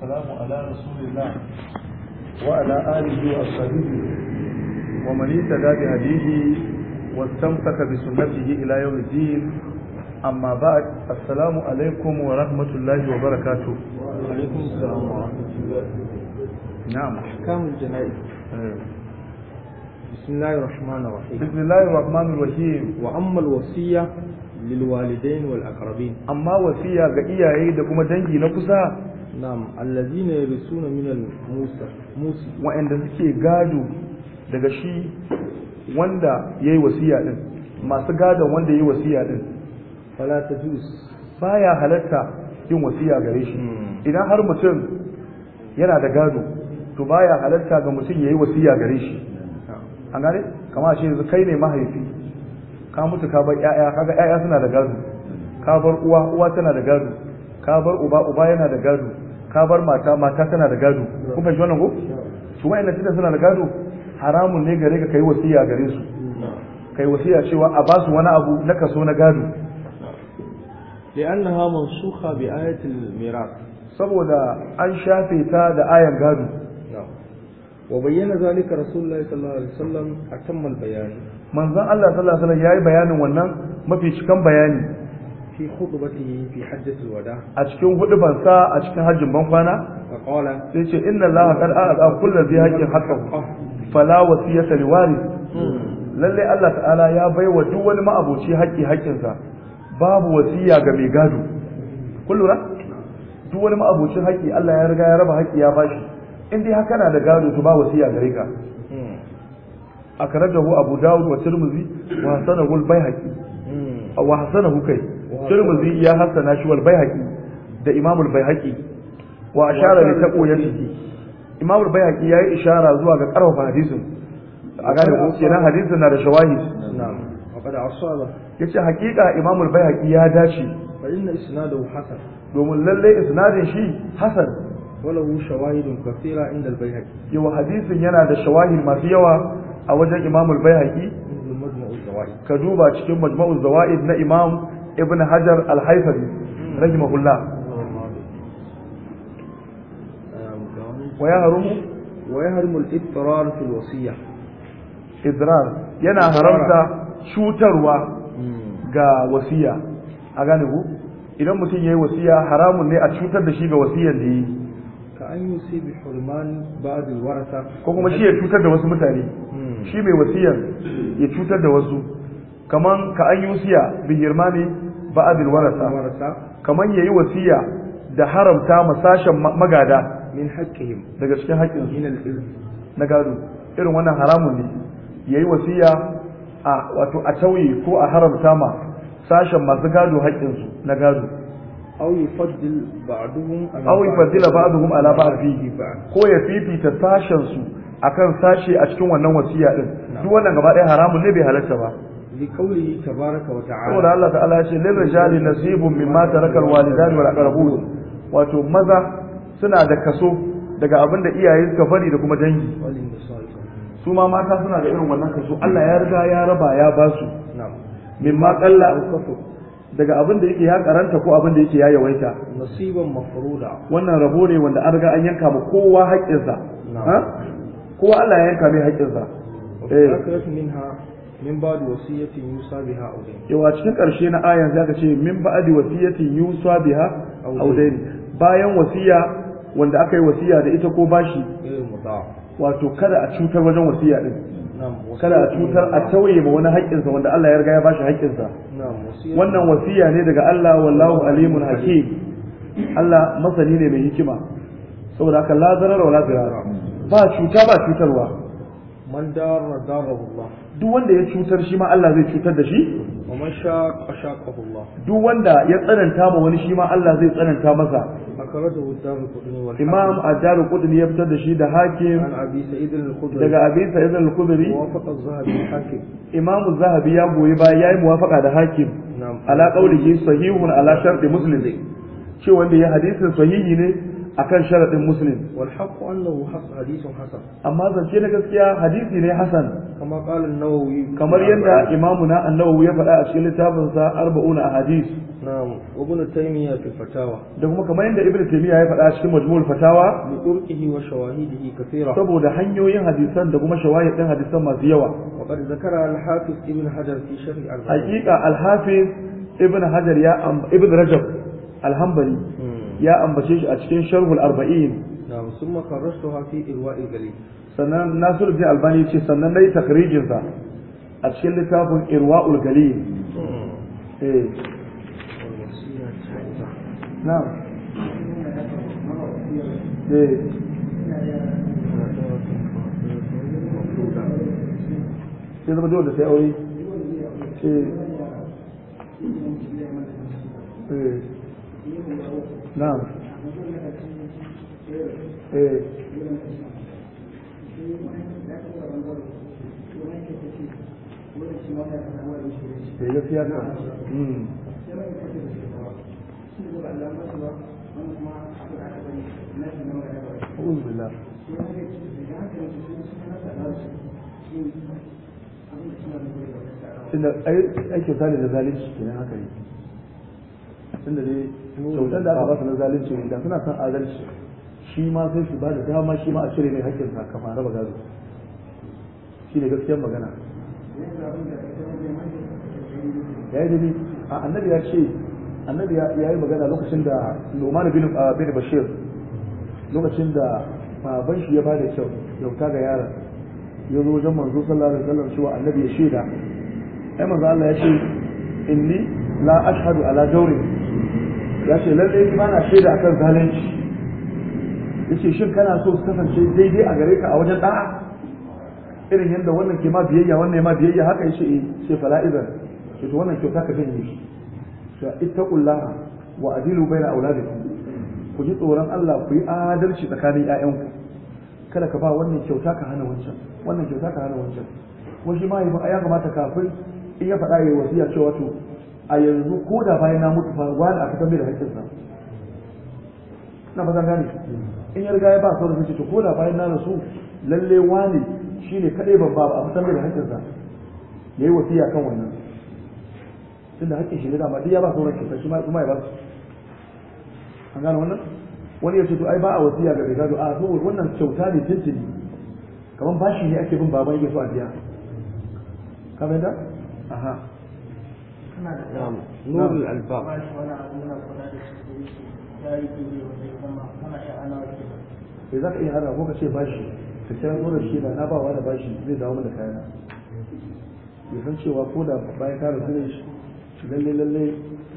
والسلام على رسول الله وعلى آله وأصحابه ومن اهتدى بهديه واستمسك بسنته إلى يوم الدين أما بعد السلام عليكم ورحمة الله وبركاته وعليكم السلام ورحمة الله نعم أحكام الجنائز بسم الله الرحمن الرحيم بسم الله الرحمن الرحيم وأما الوصية للوالدين والأقربين أما وصية wasiya ga دكما دنجي kuma na'am allazina yarisuna min al-musa musi wa'anda suke gado daga shi wanda yayi wasiya din masu gadon wanda yayi wasiya din fala Jus. baya halatta yin wasiya gare shi hmm. idan har mutum yana da gado to baya halatta ga mutum yayi wasiya gare shi an gane kamar shi yanzu kai ne mahaifi ka mutu ka bar 'ya'ya, kaga 'ya'ya suna da gado ka bar uwa uwa tana da gado ka bar uba uba yana da gado ka bar mata mata tana da gado kun fahimci wannan ko su wayannan tunda suna da gado haramun ne gare ka kai wasiya gare su kai wasiya cewa a ba su wani abu na kaso na gado li'annaha mansukha bi ayatil miras saboda an shafe ta da ayan gado wa bayyana zalika rasulullahi sallallahu alaihi wasallam atammal bayani manzon Allah sallallahu alaihi wasallam yayi bayanin wannan mafi cikan bayani fi khutbatihi fi hajjatul wada a cikin hudubar sa a cikin hajjin ban kwana qala sai ce inna allaha qad aqa kullu dhi haqqin haqqahu fala wasiyata liwarith lalle Allah ta'ala ya baiwa duk wani ma'aboci haƙƙi sa babu wasiya ga mai gado kullura duk wani ma'abocin haƙƙi Allah ya riga ya raba haƙƙi ya bashi in dai haka na da gado to ba wasiya gare ka akrajahu abu dawud wa tirmidhi wa hasanahu al-baihaqi wa hasanahu kai turmuzi ya hassana shi wal baihaqi da imamul baihaqi wa ashara li taqwiyatihi imamul baihaqi yayi ishara zuwa ga karfafa hadisin a gane ko kenan hadisin na da shawahi. na'am wa yace hakika imamul baihaqi ya dace fa inna isnadahu hasan domin lalle isnadin shi hasan walahu shawahidun kathira inda yawa hadisin yana da shawahi masu yawa a wajen imamul baihaqi ka duba cikin majma'ul zawaid na imam ibn hajar Alhaifari, haifari rahimahullah wa ya harumu wa ya harumu al-idrar fil wasiyya idrar yana haramta cutarwa hmm. ga wasiya idan mutum yayi wasiya haramun ne a cutar da shi ga wasiyar da ko kuma shi ya cutar da wasu mutane hmm. shi mai wasiyar ya cutar da wasu kaman ka an yusiya bi girmani ba'adil warasa kaman yi wasiya da haramta masashen magada daga cikin haƙƙin na gado irin wannan haramun ne yayi wasiya a wato a tauye ko a haramta ma sashen masu gado haƙƙin na gado aw yufaddil ba'duhum aw yufaddila ba'duhum ala ba'd fihi ko ya fifita sashen su akan sashe a cikin wannan wasiya din duk wannan gaba ɗaya haramun ne bai halarta ba لقوله تبارك وتعالى قول الله تعالى شيء للرجال نصيب مما ترك الوالدان والاقربون wato maza suna da kaso daga abin da iyaye suka fari da kuma dangi su ma mata suna da irin wannan kaso Allah ya riga ya raba ya ba su mimma qalla daga abin da yake ya karanta ko abin da yake ya yawaita nasiban mafruda wannan rabo ne wanda an riga an yanka ma kowa haƙƙinsa kowa Allah ya yanka mai haƙƙinsa eh min ba'di wasiyatin yusa biha aw dayn yawa cikin karshe na ayan zaka ce min ba'di wasiyatin yusa biha aw dayn bayan wasiya wanda aka yi wasiya da ita ko bashi wato kada a cutar wajen wasiya din kada a cutar a tauye ma wani haƙƙinsa wanda Allah ya riga ya bashi haƙƙinsa wannan wasiya ne daga Allah wallahu alimun hakim Allah masani ne mai hikima saboda haka la zarar wala zarar ba cuta ba cutarwa man darra darahu duk wanda ya cutar shi ma Allah zai cutar da shi wa man shaqa shaqahu duk wanda ya tsananta ma wani shi ma Allah zai tsananta masa imam ad-daru qudni ya fitar da shi da hakim abi sa'id al-khudri daga abi sa'id al-khudri imam zahabi ya goyi ba yayi muwafaqa da hakim ala qawlihi sahihun ala sharti muslim ce wanda ya hadisin sahihi ne akan sharadin muslim wal haqqu annahu hadithun hasan amma zance na gaskiya hadisi ne hasan kama qala an-nawawi kamar yadda imamuna an-nawawi ya faɗa a cikin littafin sa arba'una ahadith na'am wa ibn taymiya fi fatawa da kuma kamar yadda ibn taymiya ya faɗa a cikin majmu'ul fatawa bi turqihi wa shawahidihi kathira saboda hanyoyin hadisan da kuma shawahid din hadisan masu yawa wa qad zakara al-hafiz ibn hajar fi sharh al-haqiqa al-hafiz ibn hajar ya ibn rajab al-hanbali hmm. ya ambace shi a cikin sharhul arba'in na'am summa qarrashtuha hafi irwa galil sannan Nasiru bin Albani ce sannan nayi takrijin sa a cikin littafin irwa ulgali hmm. eh na'am eh. sai zama dole sai aure eh, eh. na'am eh da zalunci kenan haka ne kyautar da aka ba su na zalunci da suna son adalci shi ma sai su ba da dama shi ma a cire mai hakkin sa kamar raba gado shi ne gaskiyar magana ya yi dani a annabi ya ce annabi ya yi magana lokacin da noma bin ah, bin Bashir lokacin da baban shi ya bada kyau kyauta ga yaron ya zo wajen manzo sallallahu alaihi wasallam cewa annabi ya shaida ai manzo Allah ya ce inni la ashhadu ala jawrin ya ce lallai ba na shaida akan zalunci ya ce shin kana so su kasance daidai a gare ka a wajen ɗa'a irin yadda wannan ke ma biyayya wannan ma biyayya haka ya ce eh, ce fala'izar ce to wannan kyauta ka janye shi ta ittaqullaha wa adilu baina auladikum ku ji tsoron Allah ku yi adalci tsakanin ƴaƴanku kada ka ba wannan kyauta ka hana wancan wannan kyauta ka hana wancan kuma shi ma ya kamata kafin in ya faɗa ya wasiya cewa to a yanzu ko da bayan na mutu fa wani a fitar da da sa na ba gane in ya riga ya ba sauran sai to ko da bayan na rasu lalle wani shine kadai babba a fitar da haƙƙinsa ya yi wasiya kan wannan tunda haƙƙin shi ne ma duk ya ba sauran kisa shi ma ya ba su an gane wannan wani ya ce to ai ba a wasiya ga gado a to wannan kyauta ne tintini kamar bashi ne ake bin baban yake so a biya ka fahimta aha نعم نور الألباب da za ka iya hana ko ka ce bashi ka kira dole na na ba wa da bashi mana kayana ya san cewa ko da bayan ka rasu ne lalle lalle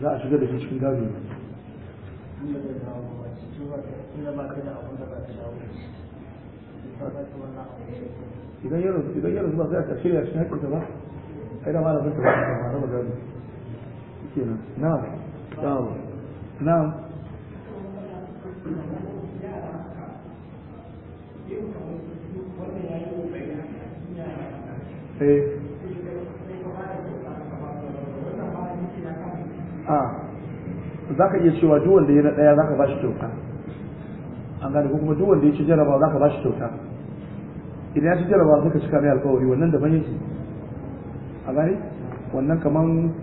za a shiga da shi cikin gado idan ya rasu ba sai a shirya shi haƙƙinta ba ai da malamin ta ba a raba gado kenan na'am na'am na'am eh. a ah. za ka iya cewa duk wanda ya na ɗaya za ka ba shi kyauta an gane ko kuma duk wanda ya ci jarabawa za ka ba shi kyauta idan ya ci jarabawa suka ka cika mai alkawari wannan daban yake a gane wannan kaman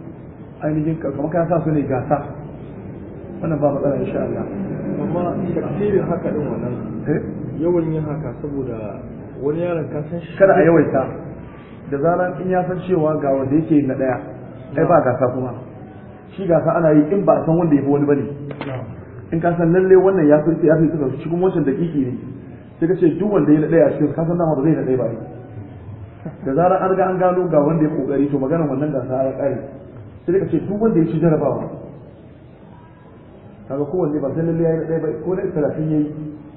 ainihin kuma ka sa su ne gasa wannan ba matsala insha Allah amma takfirin haka din wannan eh? yawan yin haka saboda wani yaron ka san shi kada a yawaita da zaran in ya san cewa ga wanda yake na daya kai ba gasa kuma shi gasa ana yi in ba san wanda ya fi wani bane in ka san lalle wannan ya fi ya fi tuka shi kuma wancan dakiki ne sai ka ce duk wanda ya na daya shi ka san dama ba zai na daya ba da zaran an ga an gano ga wanda ya kokari to maganar wannan gasa ya kare sai ka ce duk wanda ya ci jarabawa kaga kowanne ba sai lalle yayi ɗaya ba ko da talatin yayi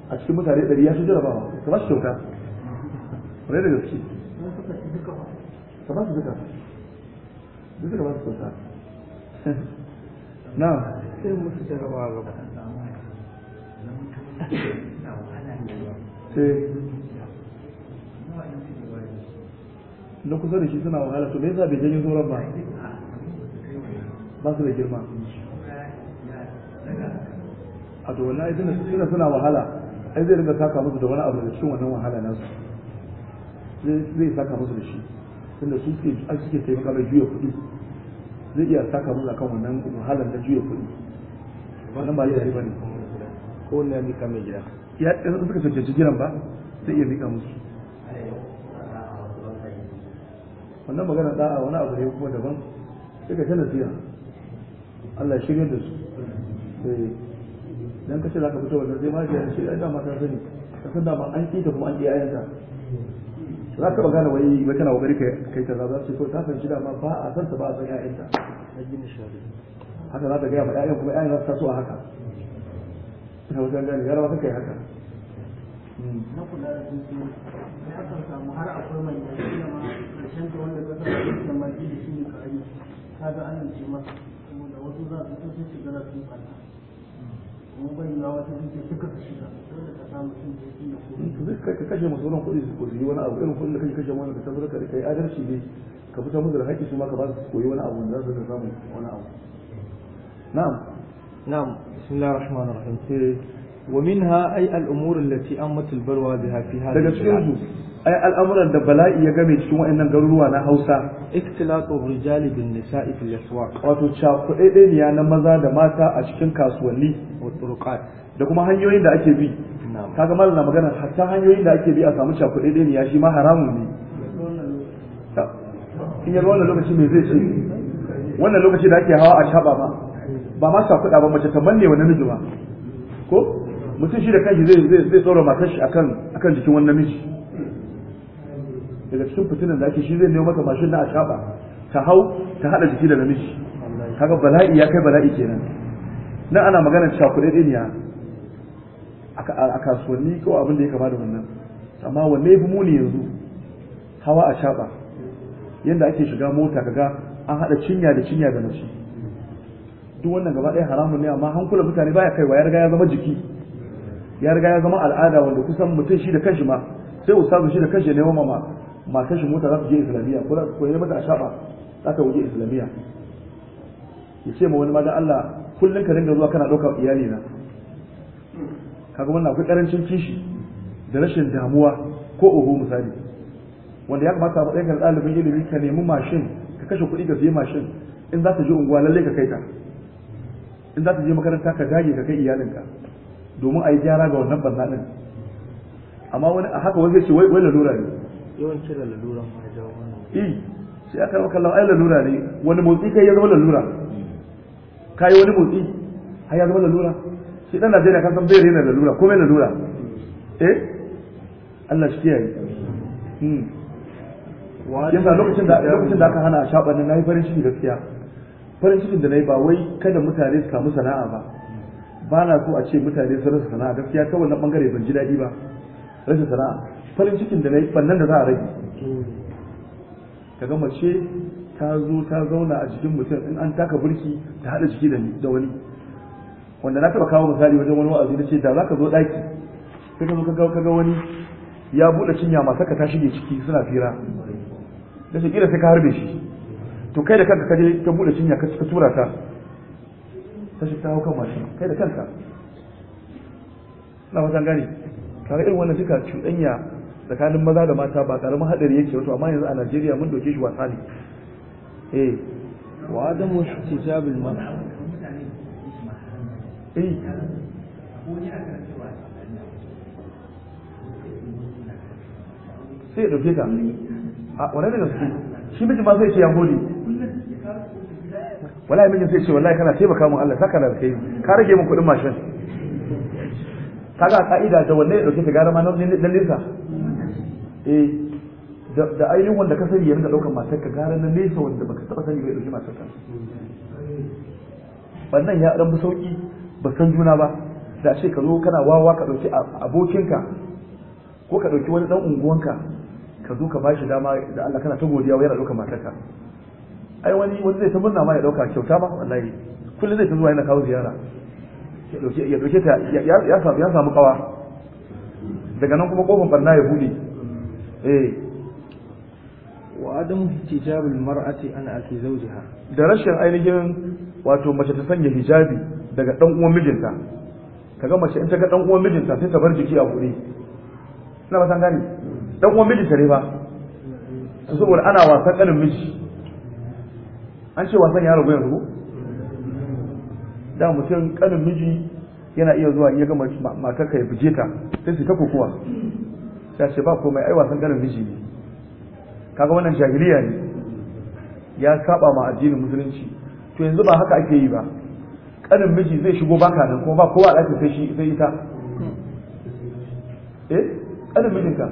a cikin mutane ɗari ya ci jarabawa ka ba shi kyauta rai da gaske ka ba su duka duk da ba su kyauta na sai musu jarabawa ga ba na kusa da shi suna wahala to me yasa bai janyo zuran ba ba su da girma a to wannan idan suna suna wahala ai zai rinka saka musu da wani abu da cikin wannan wahala nasu zai saka musu da shi tunda su suke a suke taimaka mai juya kuɗi zai iya saka musu akan wannan wahalar na juya kuɗi wannan ba yare bane ko ya mika mai gida ya in suka cancanci gidan ba zai iya mika musu wannan magana da'a wani abu ne kuma daban sai ka tana siya Allah shirya da su eh, dan kace zaka fito wannan zai ma ya ce ai da mata sani ka san ba an ta kuma an ji ayanta za ka magana wai ba kana kokari kai kai ta za su ko ta san shi ma ba a san ta ba a san ayanta haka za ka ga ma ayan kuma ayan za ta so haka ina wajen gani yara ba kai haka hmm. na kula da su ya san samu har akwai manyan ma karshen ta wanda ka san da majiji shi ne ka ayi ka ga an yi masa wasu da kashe masu kuɗi su koyi wani abu irin da kake kashe wani ka tabbatar ka rika adalci ne ka fita musu da haƙƙi su ma ka ba su koyi wani abu da za su samu wani abu na'am na'am bismillahir rahmanir rahim ikhtilatur rijali bin nisa'i fil aswaq wato cakuɗaɗɗeniya na maza da mata a cikin kasuwanni wa turuqat da kuma hanyoyin da ake bi kaga mallan na magana hatta hanyoyin da ake bi a samu cakuɗaɗɗeniya shi ma haramun ne in yarwa wannan lokaci me zai ce wannan lokaci da ake hawa a shaba ma ba ma kuɗa ba mace ta manne wa namiji ba ko mutum shi da kanshi zai zai tsoro matashi akan akan jikin wani namiji daga cikin fitinan da ake shi zai nemo maka mashin na a shafa ta hau ta hada jiki da namiji kaga bala'i ya kai bala'i kenan nan ana magana cakuɗe ɗiniya a kasuwanni ko abin da ya kama da wannan amma wanne ya fi muni yanzu hawa a shafa yadda ake shiga mota kaga an haɗa cinya da cinya da mace duk wannan gaba ɗaya haramun ne amma hankulan mutane baya kaiwa ya riga ya zama jiki ya riga ya zama al'ada wanda kusan mutum shi da kanshi ma sai ustazu shi da kanshi ne wa mama matan shi mota za su je islamiyya ko za su koyi mata shafa za ta waje islamiyya ya ce ma wani ma dan Allah kullum ka dinga zuwa kana ɗaukar iyali na kaga wannan akwai karancin kishi da rashin damuwa ko oho misali wanda ya kamata a matsayin ɗalibin ilimi ka nemi mashin ka kashe kuɗi ka siya mashin in za ta je unguwa lalle ka kai ta in za ta je makaranta ka dage ka kai iyalinka domin a yi gyara ga wannan banza amma wani a haka wani zai ce wai lalura ne yawanci da lalura ma ya jawo wannan eh, sai aka maka lawa ai lalura ne wani motsi kai ya zama lalura kai wani motsi har ya zama lalura shi dan Najeriya kan san bai rena lalura ko mai lalura eh Allah shi kiyaye hmm. yasa lokacin da lokacin da aka hana a shaɓa na yi farin ciki gaskiya farin cikin da na yi ba wai kada mutane su samu sana'a ba ba na so a ce mutane su rasa sana'a gaskiya ta na bangare ban ji daɗi ba rasa sana'a farin cikin da na yi fannan da za a rage ka ga mace ta zo ta zauna a jikin mutum in an taka burki ta haɗa jiki da wani wanda na taɓa kawo misali wajen wani wa'azi na ce da za ka zo ɗaki sai ka zo ka ga wani ya buɗe cinya masu ka ta shige ciki suna fira da shi kila sai ka harbe shi to kai da kanka kaje ka buɗe cinya ka tura ta ta shi ta hau kan mashin kai da kanka na fasan gani kaga irin wannan suka cuɗanya tsakanin maza da mata ba karamin hadari yake wato amma yanzu a Najeriya mun doke shi wasa ne eh wa adamu ihtisab al ma eh sai da ka a wani ne gaske shi miji ma sai ce ya gode wallahi mijin sai ce wallahi kana taimaka mun Allah saka da kai ka rage mun kuɗin mashin kaga ka'ida da wanne ya dauke ta gara ma nan ne dan eh da ayyukan wanda ka sani ya rinka ɗaukar matar ka gara na nesa wanda baka taɓa sani bai ɗauki matar ka wannan ya dan sauƙi ba san juna ba da ce ka zo kana wawa ka ɗauki abokinka ko ka ɗauki wani ɗan unguwanka ka zo ka bashi dama da Allah kana ta godiya yana ɗaukar matar ka ai wani wani zai ta murna ma ya ɗauka kyauta ma wallahi kullum zai ta zuwa yana kawo ziyara ya ɗauke ta ya samu kawa daga nan kuma kofin barna ya buɗe wa adam hijab almar'ati ana aki zawjiha da rashin ainihin wato mace ta sanya hijabi daga dan uwan mijinta kaga mace in ta ga dan uwan mijinta sai ta bar jiki a gure ina ba san gani dan uwan mijinta ne ba saboda ana wasan kanin miji an ce wasan ya goyen yanzu da mutum kanin miji yana iya zuwa iya ga matar ka ya buje ta sai su ta kokowa sai ce ba mai aiwa san ganin miji ne kaga wannan jahiliya ne ya saba ma addinin musulunci to yanzu ba haka ake yi ba kanin miji zai shigo baka nan kuma ba kowa ɗakin sai shi sai ita eh kanin mijinka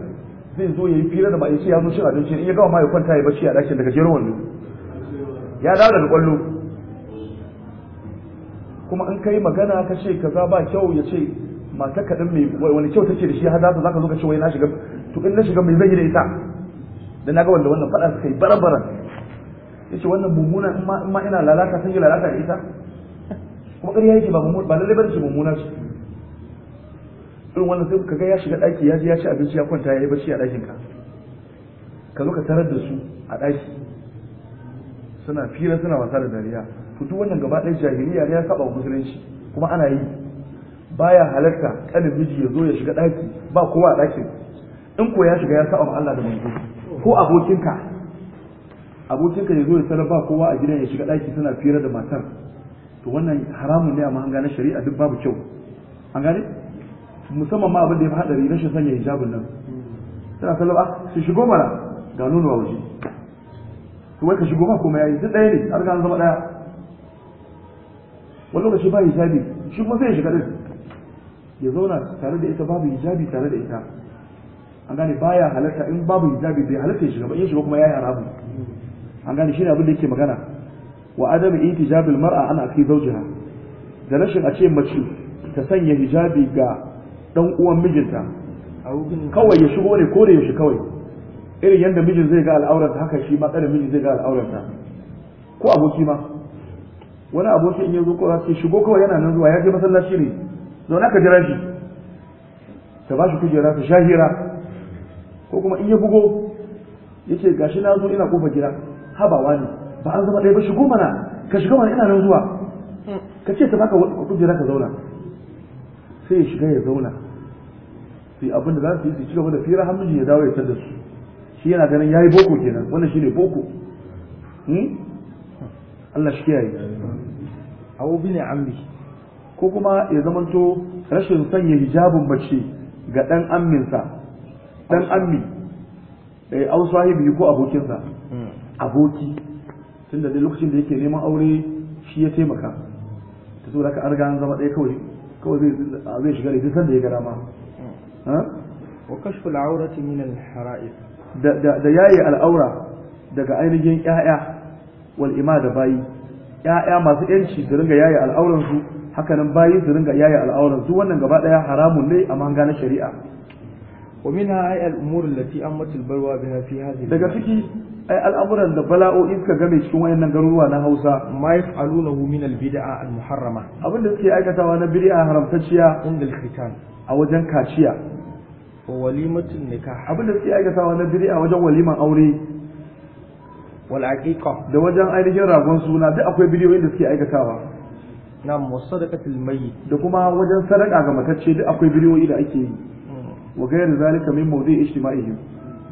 zai zo ya yi fira da ba ya ya zo cin abinci in ya gama ma ya kwanta ya bacci a ɗakin daga jerin wando ya dawo daga kwallo kuma in kai magana ka ce kaza ba kyau ya ce matar kaɗan mai wani kyau take da shi hada za ka zo ka ce wai na shiga to in na shiga mai zai yi da ita dan naga wanda wannan fada suka yi barabaran yace wannan mummuna in ma ina lalata sun yi lalata da ita kuma ƙarya yake ba mummuna ba lalle bace mummuna ce irin wannan sai kaga ya shiga daki ya je ya ci abinci ya kwanta ya yi bacci a dakin ka ka zo ka tarar da su a daki suna fira suna wasa da dariya to duk wannan gaba ɗaya jahiliya ne ya saba musulunci kuma ana yi baya halarta kanin miji ya zo ya shiga ɗaki ba kowa a ɗakin in ko ya shiga ya saba ma Allah da manzo ko abokinka abokinka ya zo ya sanar ba kowa a gidan ya shiga ɗaki suna fira da matar to wannan haramun ne amma mahanga na shari'a duk babu kyau an gane musamman ma abin da ya fi haɗari rashin sanya hijabin nan suna sallar a ah, su shigo mana ga nono a waje to wai ka shigo ba kuma yayi duk ɗaya ne an gano zama ɗaya wani lokaci ba hijabi shi kuma sai ya shiga ɗaya. ya zauna tare da ita babu hijabi tare da ita an gane baya halarta in babu hijabi bai halarta shiga ba in shiga kuma yayi haramu an gane shine abin da yake magana wa adam itijabil mar'a ana fi zawjiha da rashin a ce mace ta sanya hijabi ga dan uwan mijinta kawai ya shigo ne ko da yaushe kawai irin yadda mijin zai ga al'aurarta haka shi ma kada mijin zai ga al'aurarta ko aboki ma wani aboki in ya zo ko shigo kawai yana nan zuwa ya je masallaci ne zauna ka jira shi ta ba shi kujera ta shahira ko kuma in ya bugo ya ce gashi na zo ina kofa gida habawa ne ba an zama ɗaya ba shigo mana ka shiga mana ina nan zuwa ka ce ta baka kujera ka zauna sai ya shiga ya zauna sai abinda za su yi su ci gaba da fira hamiji ya dawo ya san da su shi yana ganin ya yi boko kenan wannan ne boko hmm? Allah shi kiyaye Abubu bi ne amri ko kuma ya zamanto rashin sanya hijabin bacci ga ɗan amminsa ɗan ammi eh au sahibi ko abokinsa hmm. aboki tunda da lokacin da yake neman aure shi ya taimaka ta saboda ka arga an zama ɗaya kawai kawai zai zai shiga da duk sanda ya gara ma hmm. wa kashfu al-awrati min al-hara'is da da yayi al-aura daga ainihin ƴaƴa wal ima da bayi ƴaƴa masu yanci da ringa yayi al'auran su hakanan bayi su ringa yaya al'auran su wannan gaba daya haramun ne a manga na shari'a ومنها أي الأمور التي أمت البلوى بها في هذه daga ciki ai al'amuran da bala'o'i suka game cikin wayannan garuruwa na Hausa ma yaf'alunahu min al-bid'a al-muharrama abinda suke aikatawa na bid'a haramtacciya inda al-khitan a wajen kaciya wa walimatul nikah abinda suke aikatawa na bid'a wajen waliman aure wal aqiqa da wajen ainihin ragon suna duk akwai bidiyoyin da suke aikatawa na musadaqatil mayyit da kuma wajen sadaka ga matacce duk akwai bidiyoyi da ake yi hmm. wa gairu zalika min mawdi' ijtima'ihim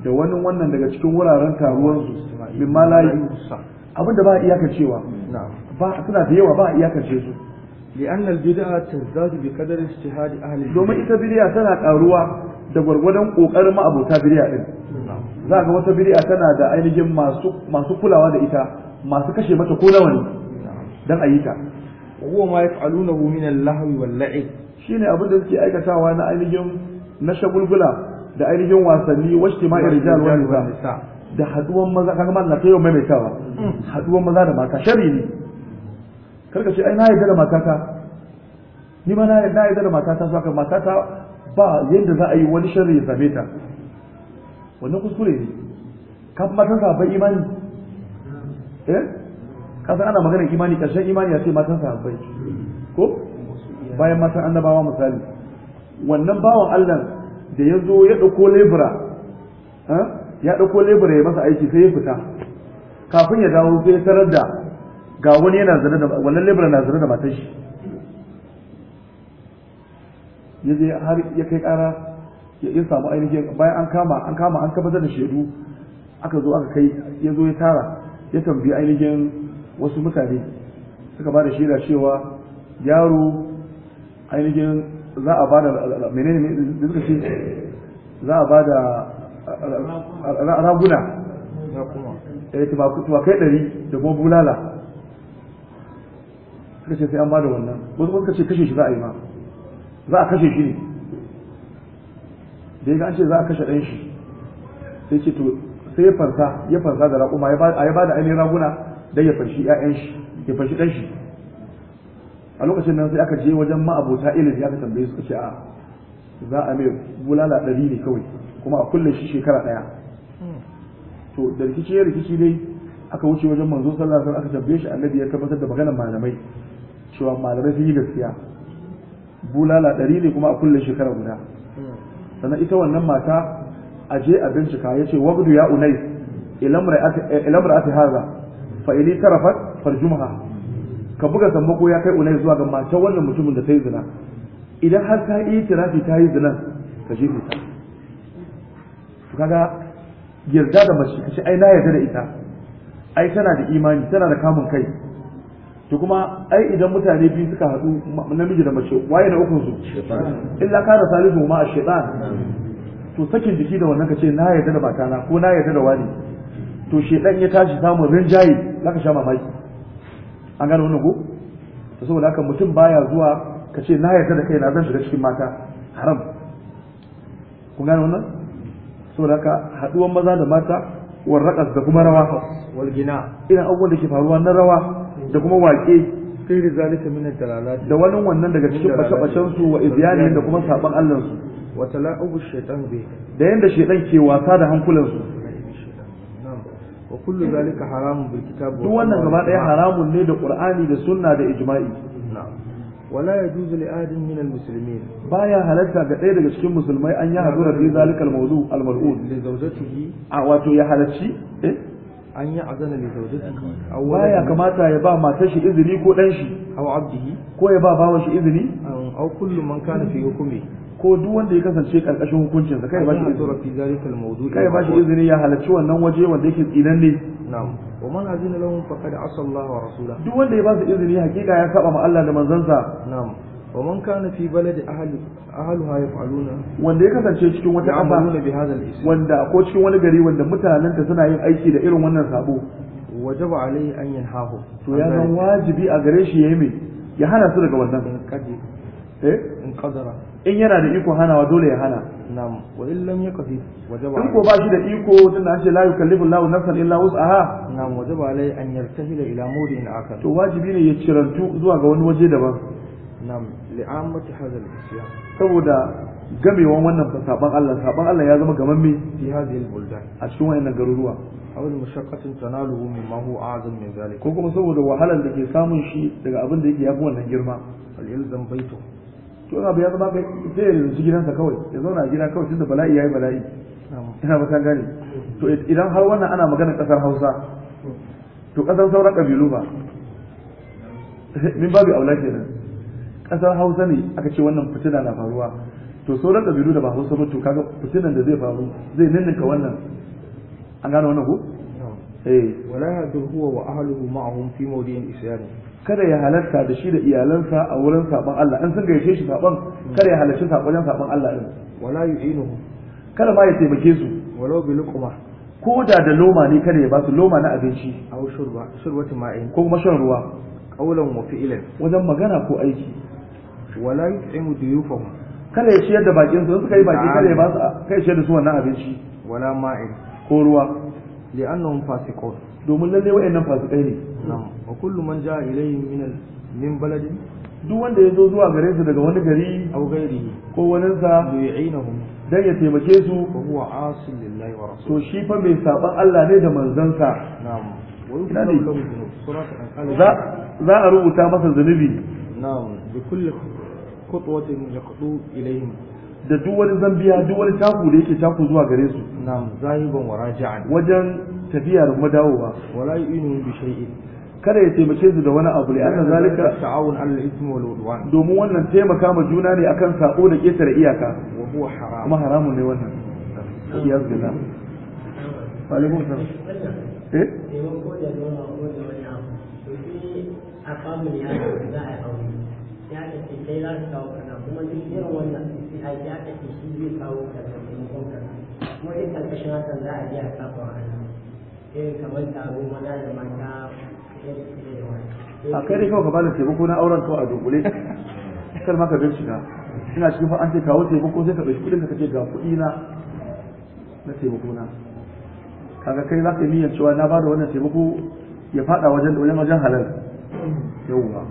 da wannan daga cikin wuraren taruwar su min malayi abin da ba iyaka cewa ba suna da yawa لأن البدعة تزداد بقدر اجتهاد أهل da gwargwadon kokarin ma'abota biriya din za ga wata biriya tana da ainihin masu kulawa da ita masu kashe mata ko nawa ne dan ayi ta wa ma yaf'alunahu min al-lahwi wal la'ib shine abin da suke aikatawa na ainihin na shagulgula da ainihin wasanni wa ma rijal wa nisa da haduwan maza kaga mallan ta yau maimaitawa haduwan maza da mata shari ne karka ce ai na yadda da matata ni ma na yadda da matata so haka matata ba yadda za a yi wani sharri ya same ta wannan kuskure ne kan matasa ba imani eh kasan ana maganar imani ƙarshen imani ya ce matan sahabbai ko bayan matan annabawa misali wannan bawan Allah da ya zo ya ɗauko lebura ya ɗauko lebura ya masa aiki sai ya fita kafin ya dawo sai ya tarar da ga wani yana zane da wannan lebura na zane da matan shi ya je har ya kai ƙara ya samu ainihin bayan an kama an kama an kama da shaidu aka zo aka kai ya zo ya tara ya tambayi ainihin wasu mutane suka ba da shaida cewa yaro ainihin za a ba da menene da suka ce za a ba da raguna eh, tumakai ɗari da kuma bulala suka ce sai an ba da wannan wasu suka ce kashe shi za a yi ma za a kashe shi ne da ya an ce za a kashe ɗan shi sai ce to sai ya farsa ya farsa da raƙuma a ya ba da ainihin raguna dai ya farshi ƴaƴan shi ya farshi dan shi a lokacin nan sai aka je wajen ma'abota ilimi aka tambaye su ce a za a mai bulala ɗari ne kawai kuma a kulle shi shekara ɗaya to da rikici ya rikici dai aka wuce wajen manzo sallallahu alaihi aka tambaye shi annabi ya tabbatar da maganar malamai cewa malamai sun yi gaskiya bulala ɗari ne kuma a kulle shekara guda sannan ita wannan mata a je a bincika ya ce wagdu ya unai ilamra ati haza fa ili tarafat farjumha ka buga sammako ya kai unai zuwa ga mace wannan mutumin da ta yi zina idan har ta yi tirafi ta yi zina ka jefe ta kaga yarda da mace kace ai na yarda da ita ai tana da imani tana da kamun kai to kuma ai idan mutane biyu suka haɗu namiji da mace waye na uku su illa da salihu ma a shaitan to sakin jiki da wannan kace na yarda da batana ko na yarda da wani to shedan ya tashi samun rinjaye zaka sha mamaki an gano wannan ko to saboda haka mutum baya zuwa ka ce na yarda da kaina zan shiga cikin mata haram kun gano wannan saboda haka haduwan maza da mata warraƙas da kuma rawa gina irin abubuwan da ke faruwa na rawa da kuma waƙe da wani wannan daga cikin bace-bacen su wa izyani da kuma saban allansu. su wa tala'ubu shaytan bi da yanda shaitan ke wasa da hankulansu. wa kullu zalika haramun bil kitab duk wannan gaba daya haramun ne da qur'ani da sunna da ijma'i wala yajuzu li adin min al muslimin baya halatta ga daya daga cikin musulmai an ya hadura bi zalika al mawdu al mar'ud li zawjatihi a wato ya halacci eh an yi azana li zawjatihi aw ya kamata ya ba matar shi izini ko dan shi aw abdihi ko ya ba bawan shi izini aw kullu man kana fi hukmi ko duk wanda ya kasance karkashin hukuncin sa kai ba shi izini kai ba shi izini ya halarci wannan waje wanda yake tsinan ne na'am wa man azina lahu faqad asa Allah wa rasula duk wanda ya ba su izini hakika ya saba ma Allah da sa na'am wa man kana fi baladi ahli ha yaf'aluna wanda ya kasance cikin wata kafa wanda ko cikin wani gari wanda mutanen ta suna yin aiki da irin wannan sabo wajaba alai an yanhahu to ya zan wajibi a gare shi yayi me ya hana su daga wannan eh kadara in yana da iko hanawa dole ya hana nam wa in yakfi wajaba in ko ba shi da iko tun da ce la yukallifu Allahu nafsan illa wus'aha nam wajaba alai an yartahila ila mudin akal to wajibi ne ya cirantu zuwa ga wani waje daban nam li'amati hadhal isyan saboda gamewan wannan sabon Allah sabon Allah ya zama me fi hadhihi buldan a cikin wannan garuruwa awal mushaqqatin tanaluhu mimma huwa a'zam min zalik ko kuma saboda wahalar da ke samun shi daga abin da yake yafi wannan girma al yalzam baituhu to abu ya zama kai sai ya rinsu gidansa kawai ya zauna a gida kawai tunda bala'i ya yi bala'i ina ba kan gane to idan har wannan ana maganar kasar hausa to kasar sauran kabilu ba min babu aula kenan kasar hausa ne aka ce wannan fitina na faruwa to sauran kabilu da ba hausa ba to kaga fitinan da zai faru zai ninninka wannan an gane wannan ko eh wala yadu huwa wa ahluhu ma'ahum fi mawdi'in isyarin kada ya halarta da shi da iyalansa a wurin saban Allah an sun gaishe shi saban kada ya halarci wajen saban Allah din wala yu'inuhu kada ma ya taimake su wala bi luquma ko da da loma ne kada ya ba su loma na abinci aw shurba shurbatu ma'in ko kuma shan ruwa qawlan wa fi'lan wajen magana ko aiki wala yut'imu duyufahum kada ya ciyar da bakin su suka yi baki kada ya ba su kai ciyar da su wannan abinci wala ma'in ko ruwa li'annahum fasiqun domin lalle wayannan fasikai ne na'am wa kullu man jaa ilayhi min min baladin duk wanda ya zo zuwa gare su daga wani gari aw gairi ko wannan sa yu'inahum dan ya taimake su wa huwa asil lillahi wa rasul to shi fa mai saban Allah ne da manzansa na'am za a rubuta masa zunubi na'am bi kulli khutwatin yaqdu ilayhim da duk wani zambiya duk wani taku da yake taku zuwa gare su na'am zahiban wa raji'an wajen tafiya da madawowa wala yu'minu bi shay'in kada ya taimake su da wani abu ya anna zalika ta'awun alal ismi wal udwan domin wannan taimaka ma juna ne akan sako da ketare iyaka kuma haramun ne wannan ya salam eh irin kamar taro mana da mata a kai dai kawai ka bada taimako na auren kawai a dubule kar ma ka bincika ina cikin fa an ce kawo taimako sai ka bai kuɗin ka kace ga kuɗi na na taimako na kaga kai za ka yi niyyar cewa na bada wannan taimako ya faɗa wajen wajen wajen halal yawwa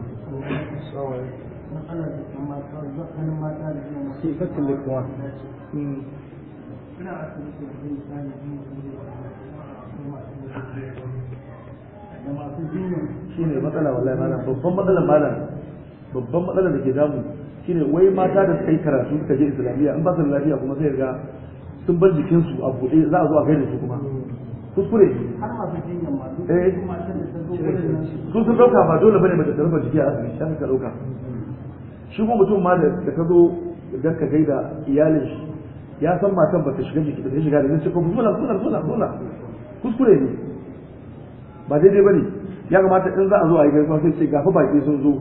Ina shi ne matsala babban matsalar da ke damu ne wai mata da suka yi karatu suka je islamiyya in ba su lafiya kuma sai ga sun bar jikinsu a buɗe za a zo a gaida su kuma kuskure har eh. sun ɗauka ba dole bane mace ta rufe jiki a asibiti an ka ɗauka shi kuma mutum ma da ka zo idan ka gaida iyalin ya san matan ba ta shiga jiki ba ta shiga da ce ko kuskure ne ba daidai ba ne ya kamata in za a zo a yi gaisuwa sai ce gafi baki sun zo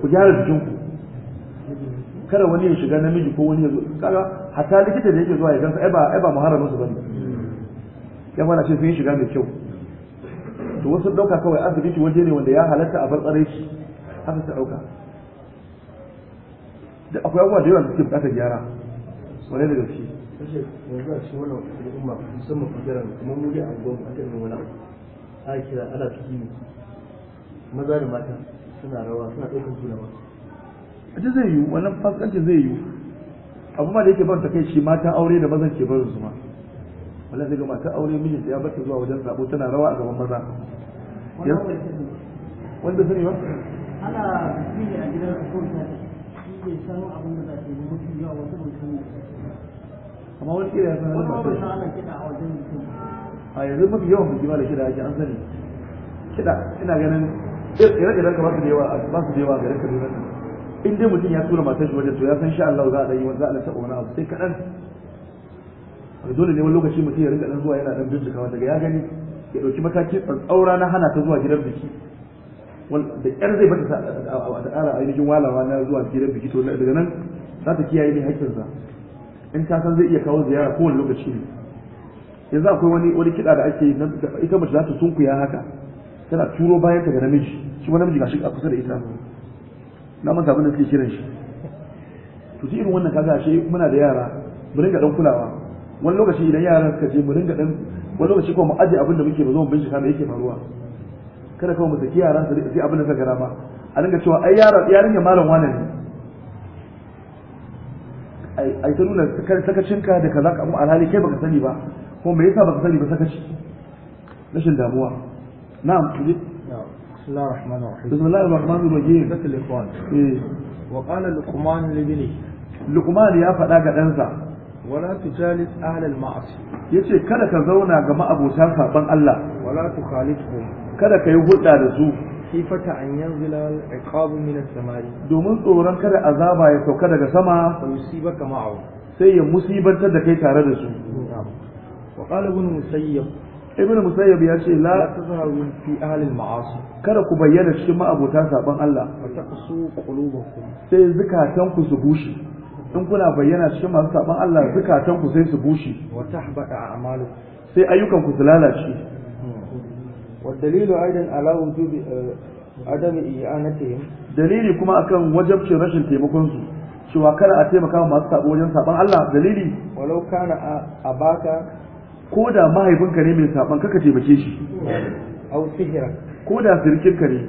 ku gyara jikin ku kada wani ya shiga namiji ko wani ya zo kaga hatta likita da yake zuwa ya gansa ai ba ai ba muharramin su bane ya fara ce sun shiga mai kyau to wasu dauka kawai asibiti waje ne wanda ya halatta a bar tsare shi haka ta dauka da akwai abubuwa da yawa da suke bukatar gyara wani da gaske yanzu a cikin wannan al'umma musamman bangaren kuma mu dai a gwamnati wani Akira ana ciki maza da mata suna rawa suna ɗaukar juna ba ji zai yiwu wannan fasikancin zai yiwu abu ma da yake ban takai shi mata aure da mazan ke barin su ma wannan daga mata aure mijinta ya bata zuwa wajen sabo tana rawa a gaban maza wanda sani ba ana biyu a gidan ta shi ke san abin da za ta yi mafi yawa wasu bai san amma wani kira ya san wani ba ana kiɗa a wajen mutum a yanzu mafi yawan biki ma da shida ake an sani Shida ina ganin ire-iren kamar su da yawa ba su da yawa garin kaduna in dai mutum ya tura matar shi wajen to ya san sha Allah za a ɗan yi za a ɗan taɓa wani abu sai kaɗan dole ne wani lokaci mutum ya rinka ɗan zuwa yana ɗan bincika, daga ya gani ya ɗauki mataki tsaura na hana ta zuwa gidan biki da ƙyar zai bata ta ƙara ainihin walawa na zuwa gidan biki to daga nan za ta kiyaye ne haƙƙinsa in ta san zai iya kawo ziyara kowane lokaci ne yanzu akwai wani wani kiɗa da ake ita mace za ta sunkuya haka tana turo bayan ta ga namiji shi wani namiji gashi a kusa da ita na manta abin da suke kiran shi to shi irin wannan kaga shi muna da yara mu ringa dan kulawa wani lokaci idan yaran suka je mu ringa dan wani lokaci kuma mu aje abin da muke ba mu bincika me yake faruwa kada kawai mu saki yaran su sai abin da suka gara ba a ringa cewa ai yaran ya malam wani ne ai ta nuna sakacinka da kaza ka mu alhali kai baka sani ba ko me yasa baka sani ba sakaci rashin damuwa na'am kuje بسم الله الرحمن الرحيم بسم الله الرحمن الرحيم بس الإخوان وقال لقمان لابنه لقمان يا فدا ga ɗansa wala tujalis ahlal ma'asi yace kada ka zauna ga ma'abutan saban Allah wala tukhalifhum kada ka yi hulɗa da su sifata an yanzila al-iqab min as-samai domin tsoron kada azaba ya sauka daga sama sai ya musibantar da kai tare da su وقال ابن مسيب ابن مسيب ya ce la tazharu fi ahli al kada ku bayyana cikin ma'abuta saban Allah sai zukatan ku su bushe in kuna bayyana cikin masu saban Allah zukatan ku sai su bushe sai ayyukan ku su lalace dalili kuma akan wajabcin rashin taimakon su cewa a taimakawa masu sabo wajen saban Allah dalili ko da mahaifinka ne mai saban kaka taimake shi aw sihira ko da sirkin ne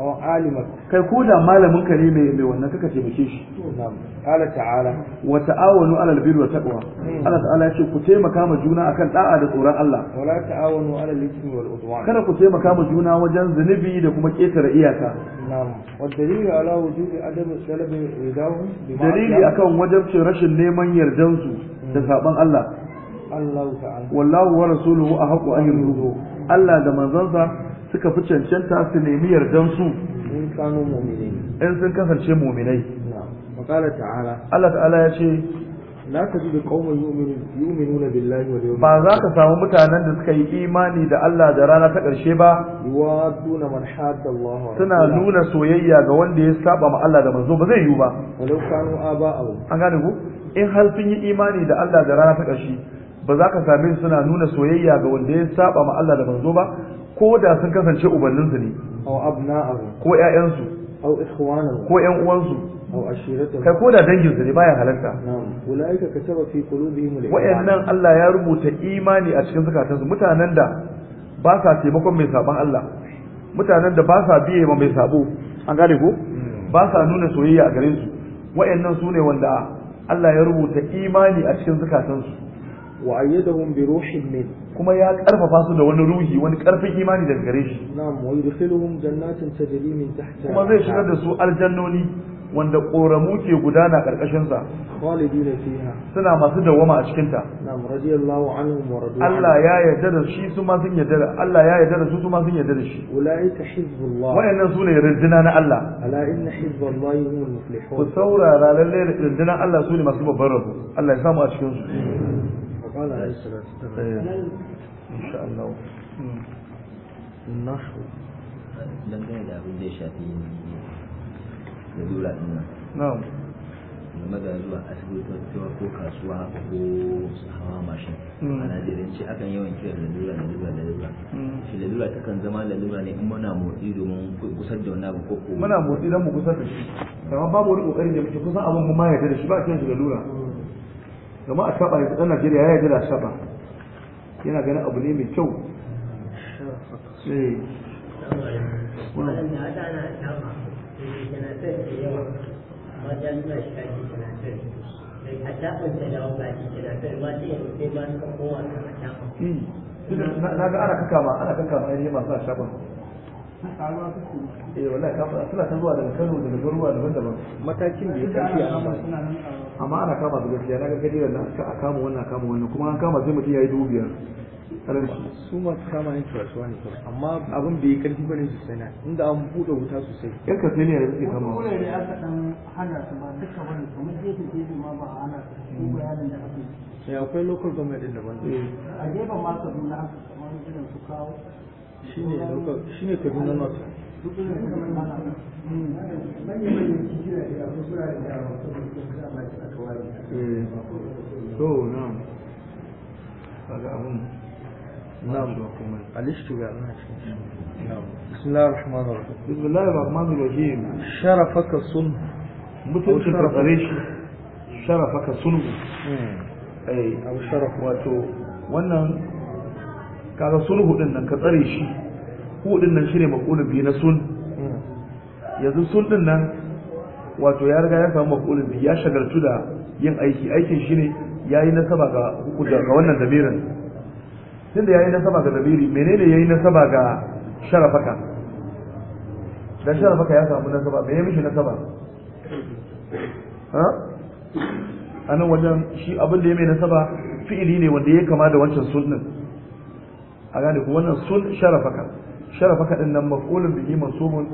aw alimak kai ko da malaminka ne mai mai wannan kaka taimake shi na'am qala ta'ala wa ta'awanu 'alal birri wa taqwa Allah ta'ala ya ce ku taimaka ma juna akan da'a da tsoron Allah wa la ta'awanu 'alal ithmi wal udwan kada ku taimaka ma juna wajen zunubi da kuma ketare iyaka na'am wa dalili ala wujubi adam salabi ridahu dalili akan wajabcin rashin neman yardansu da saban Allah Allah wa rasuluhu ahqqu an yurdu Allah da manzansa suka fi cancanta su nemi yardan su in kanu mu'minin in sun kasance mu'minai وقال تعالى الله تعالى يشي لا تجد قوم يؤمنون بالله واليوم ba za ka samu mutanen da suka yi imani da Allah da rana ta ƙarshe ba duna man hadda Allah suna nuna soyayya ga wanda ya saba ma Allah da manzo ba zai yiwu ba walau kanu aba'u an gane ku in halfin yi imani da Allah da rana ta ƙarshe ba za ka same su suna nuna soyayya ga wanda ya saba ma Allah da manzo ba ko da sun kasance su ne aw abna'ahu ko ƴaƴansu aw ikhwanahu ko ƴan uwansu aw ashiratahu kai ko da dangin su ne baya halarta na'am ulaika kataba fi qulubihim al-iman Allah ya rubuta imani a cikin su mutanen da ba sa taimakon mai saban Allah mutanen da ba sa biye ma mai sabo an gane ko hmm. ba sa nuna soyayya a gare su wayannan su ne wanda Allah ya rubuta imani a cikin su wa ayyadahum bi ruhin min kuma ya karfafa su da wani ruhi wani karfin imani daga gare shi na'am wa yudkhiluhum jannatin kuma zai shigar da su aljannoni wanda koramu ke gudana karkashin sa khalidina fiha suna masu dawama a cikin ta Allah ya yarda da shi sun yarda yarda da shi ulaika hizbullah wa'annan sune rindina na Allah ala ku saurara masu babbar rabo ya samu in sha Allah nashu dangane da abin da ya shafi da lura din nan game da zuwa asibitotuwa ko kasuwa ko hawa mashin hmm. a najeriya ce akan yawan kiran lalura lalura lalura hmm. shi lalura takan zama lalura ne in muna motsi domin kusa da wani abu ko ko muna motsi don mu kusa da shi kamar babu wani kokari da muke kusa abin mu ma yarda da shi ba a kiran shi lalura hmm. gama a saba yanzu ɗan najeriya ya jira saba yana ganin abu ne mai kyau eh, na ga ana kakama ana kakama ainihin masu a shagon eh wallahi suna ta zuwa daga kano daga garuruwa daban-daban matakin da ya tafi a amma ana kama su gaskiya na gaggadi da aka a kama wannan kama wannan kuma an kama sai mutum ya yi dubu biyar su masu kama ne turasuwa ne amma abin bai karfi bane sosai na inda an buɗe wuta sosai yan kasai ne da suke kama wasu ne aka dan hana su ba duka wani kamar jefe-jefe ma ba a hana su bayanin da ake yi akwai local government din daban eh. a gefen ma kaduna kamar irin su kawo shine local shine kaduna north Eh, sharafaka sun mutunci tarfare shi sharafaka sun hmm. eh, ai wato wannan kaga sulhu din ka tsare shi ku din nan shine maf'ulun biyu na sun yanzu sun din nan wato ya riga ya samu maf'ulun biyu ya shagaltu da yin aiki aikin shine yayi nasaba ga hukunta ga wannan dabirin. tunda yayi nasaba ga dabiri menene yayi nasaba ga sharafaka dan sharafaka ya samu nasaba me ya mishi nasaba ha anan wajen shi abin da ya mai nasaba fi'ili ne wanda ya kama da wancan sunnin a gane ku wannan sun sharafaka sharafaka din nan maf'ulun bihi mansubun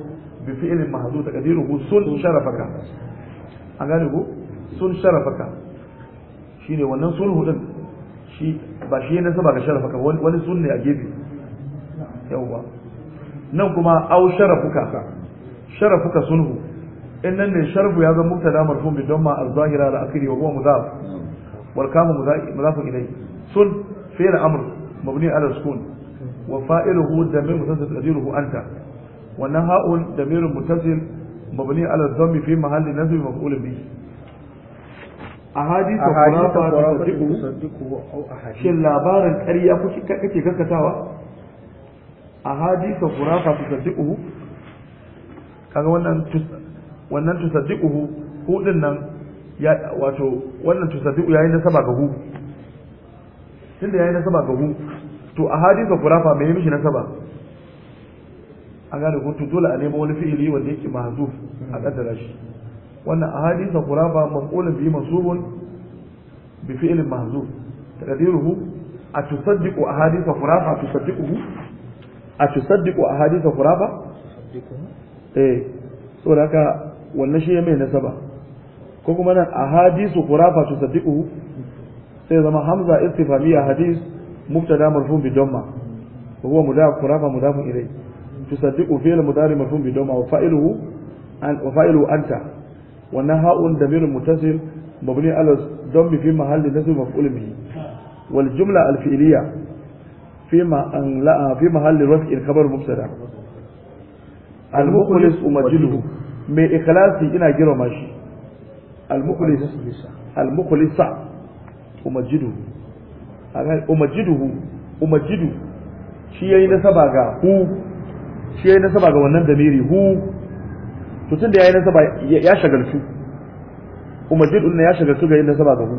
bi fi'lin mahdhuf taqdiruhu sun sharafaka an gane ko sun sharafaka shine wannan sulhu din shi ba shi ne saba ga sharafaka wani sun ne a gefe yawwa nan kuma au sharafuka sharafuka sulhu in nan ne sharfu ya zama mubtada marfu bi damma az-zahira la akhiri wa huwa mudaf wal kamu mudaf ilayhi sun fi'l amr mabni ala sukun wa fa'iluhu damir mutasil qadiruhu anta wannan ha'un damir mutasil mabni ala dhammi fi mahalli nasb maf'ul bihi ahadith wa qurafa tusaddiqu shin labarin ƙarya kuke kake wannan tusaddiquhu hu din ya wato wannan tusaddiqu yayin nasaba ga hu tunda yayin nasaba ga hu to a hadisa kurafa mai mishi nasaba a gane ko dole a nemo wani fi'ili wanda yake mahzuf a kaddara shi wannan a hadisa kurafa maf'ulun bi mansubun bi fi'ilin mahzuf taqdiruhu a tusaddiqu a hadisa kurafa tusaddiquhu a tusaddiqu a hadisa kurafa eh so haka wannan shi ya mai nasaba ko kuma nan a hadisu kurafa tusaddiquhu sai zama hamza istifamiya hadis مبتدا مرفوع بضمه وهو مضاف قرابه مضاف اليه تصدق فعل مضارع مرفوع بضمه وفاعله أن وفاعله انت والنهاء ضمير متصل مبني على الضم في محل نصب مفعول به والجمله الفعليه فيما أن لا في محل رفع خبر مبتدا المخلص أمجده mai ikhlasi ina girma shi al-mukhlis al-mukhlisa umajidu umajiduhu umajidu shi yayi nasaba ga hu shi yayi nasaba ga wannan damiri hu to tunda yayi nasaba ya shagaltu umajidu ne ya shagaltu ga yin nasaba ga hu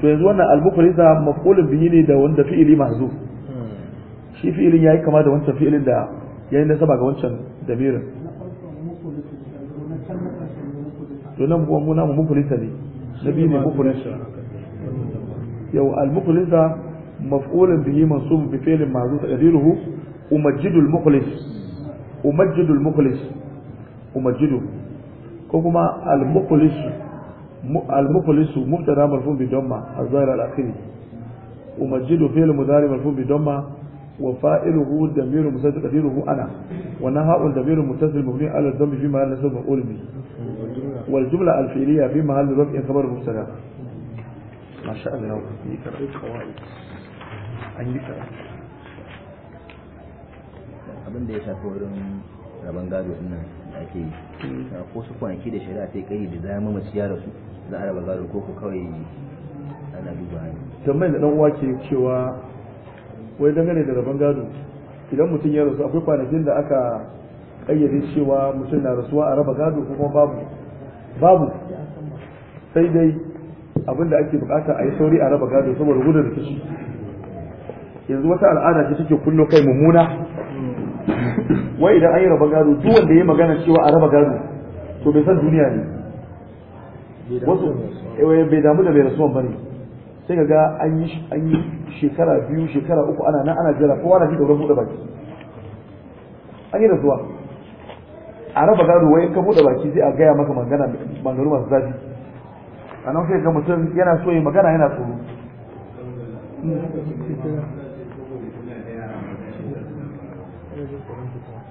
to yanzu wannan al-mukhlisa maf'ulun bihi ne da wanda fi'ili mahzuf hmm. shi fi'ilin yayi kama da wancan fi'ilin da yayi nasaba ga wancan damirin to nan mu namu mukhlisa ne nabi ne mukhlisa yau al-mukhlisa مفعول به منصوب بفعل معذور تقديره أمجد المخلص أمجد المخلص أمجده كما المخلص المخلص مبتدا مرفوع بضمة الظاهر الأخير أمجد فعل مضارع مرفوع بضمة وفائله ضمير مستتر تقديره أنا ونهاء ضمير متصل مبني على الضم في محل نصب مفعول به والجملة الفعلية في محل رفع خبر مبتدا ما شاء الله an yi ta abin da ya shafi wurin rabon gado ina da ake yi hmm. ko su kwanaki da shari'a ta yi kai da zama mamaci ya rasu za a raba gado ko ku kawai ana duba ne tambayar da dan uwa ke cewa wai dangane da rabon gado idan mutum ya rasu akwai kwanakin da aka kayyade cewa mutum na rasuwa a raba gado ko kuma babu babu sai dai abin da ake bukata a yi sauri a raba gado saboda gudun rikici yanzu wata al'ada ce take kullo kai mummuna wai idan an yi raba gado duk wanda ya magana cewa a raba gado to bai san duniya ne wasu eh, bai damu da bai rasuwan bane sai ka ga an yi shekara biyu shekara uku ana nan ana jira kowa na ji da buɗe baki an yi rasuwa a raba gado wai ka buɗe baki sai a gaya maka magana maganganu masu zafi a nan sai ga mutum yana so ya magana yana tsoro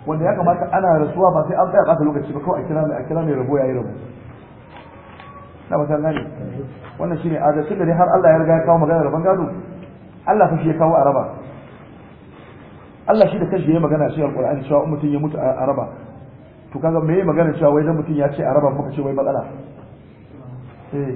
wanda ya kamata ana rasuwa ba sai an tsaya ƙasa lokaci ba kawai a kira mai a kira mai rabo yi rabo na ba san gani wannan shine adalcin da dai har Allah ya riga ya kawo magana rabon gado Allah fa shi ya kawo araba Allah shi da kanshi ya yi magana shi alqur'ani cewa mutum ya mutu a araba to kaga me ya magana cewa wai dan mutum ya ce araba muka ce wai matsala eh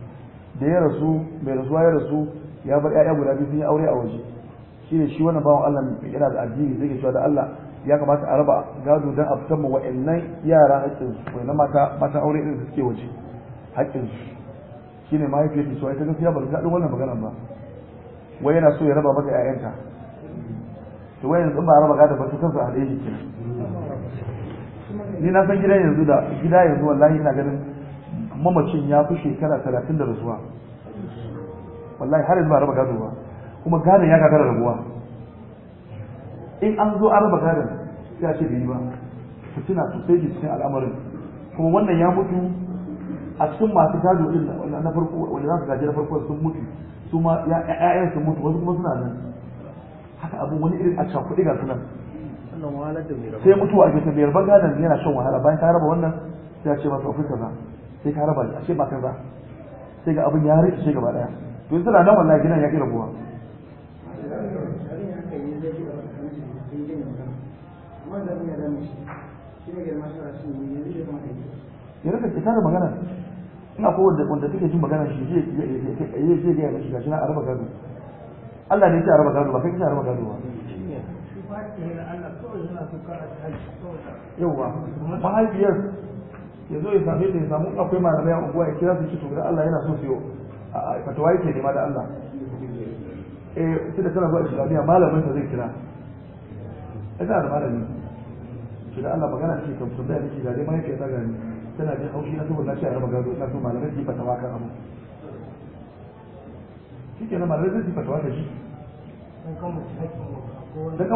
da ya rasu mai rasuwa ya rasu ya bar 'ya'ya guda biyu sun yi aure a waje shi ne shi wannan bawan Allah yana da addini zai cewa da Allah ya kamata a raba gado don a fitar mu wa'annan yara hakkin su wa'annan mata mata aure irin da suke waje Hakkin su shi ne mahaifiyar ta cewa ita gaskiya ba ta ɗin wannan maganar ba wai yana so ya raba mata ƴaƴanta to wai yanzu ba a raba gado ba ta kansa a ɗaya ni na san gida yanzu da gida yanzu wallahi ina ganin mamacin ya fi shekara talatin da rasuwa wallahi har yanzu ba raba gado ba kuma gadon ya gagara rabuwa in an zo an raba gadon sai a ce bai yi ba fitina sosai ke cikin al'amarin kuma wannan ya mutu a cikin masu gado din na farko wanda za su gaji na farko sun mutu su ma ya'yan sun mutu wasu kuma suna nan haka abu wani irin a kuɗi ga sunan sai mutuwa a gefe mai rabar gadon yana shan wahala bayan ta raba wannan sai a ce masa ofin za. sai ka raba ashe ba kaza sai ga abin ya rike shi gaba daya to yanzu nan wallahi gidan ya kira buwa ya rika ki tare magana ina ko wanda wanda take jin magana shi zai zai zai ga mishi gashi na araba gado Allah ne ya araba gado ba kai ka araba gado ba yawa mahaifiyar ya zo ya same ta ya samu akwai malamai a unguwa ya kira su shi to da Allah yana so siyo a fatawa yake nema da Allah eh sai da tana zuwa islamiyya malamin ta zai kira ina eh, da malami shi da Allah magana ce kan tambaya da shi da dai mai ke ta gani tana jin haushi na saboda na a rama gado na so malamai ji fatawa kan abu shike na malamai zai ji fatawa da shi dan kan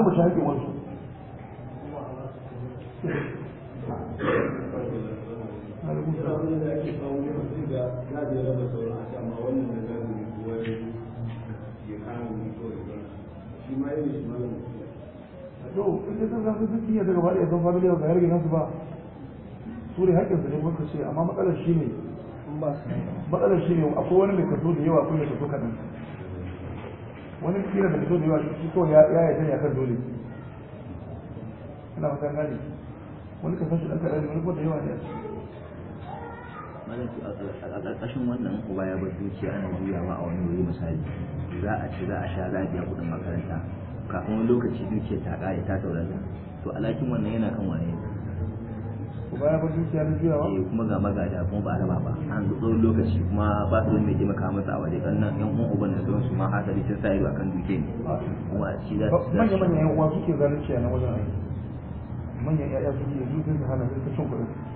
mu shi hakkin wasu har kusa wani da ake kawo ne masu ga gadi raba sauran a amma wannan da gadi yi kuwa ya ya kama ne kawai ba shi ma yi shi ma lamu to in da sun su duk yadda gaba da yanzu family ba yarge nasu ba su ne haƙƙin su ne muka ce amma matsalar shi ne matsalar shi ne akwai wani mai kaso da yawa akwai mai kaso kaɗan wani kira da kaso da yawa shi kawai ya yi ya kan dole ina fatan gani wani kaso shi ɗan kaɗan ne wani kuma da yawa ne a ciki a ƙarƙashin wannan uba ya bar dukiya ana juyawa a wani wuri misali za a ci za a sha za a biya kuɗin makaranta kafin wani lokaci dukiya ta ƙare ta taurata to alakin wannan yana kan wani uba ya bar dukiya na juyawa eh kuma ga magada kuma ba a raba ba an zo tsawon lokaci kuma ba su wani mai taimaka masa a waje kan nan yan uwan uban da sauransu ma hasali sun sa ido akan dukiya ne kuma shi za su manya manya yan uwa suke zalunci a wajen aiki manyan ya'ya suke yi sun hana sun ta cin kuɗin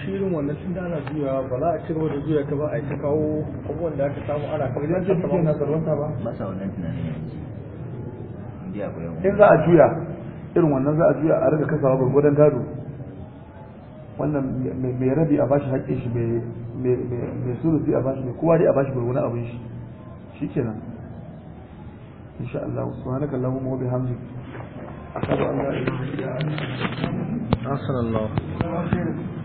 shirin wannan tun da ana juyawa ba za a ciro da juya ta ba a ta kawo abubuwan da aka samu ana kawai da ta samu na zarwanta ba ba sa wannan tunanin in za a juya irin wannan za a juya a rika kasawa gwargwadon gado wannan mai rabi a bashi haƙƙin shi mai surufi a bashi mai kowa dai a bashi gwargwadon abin shi in sha Allah subhanaka allahumma wa bihamdik أشهد أن لا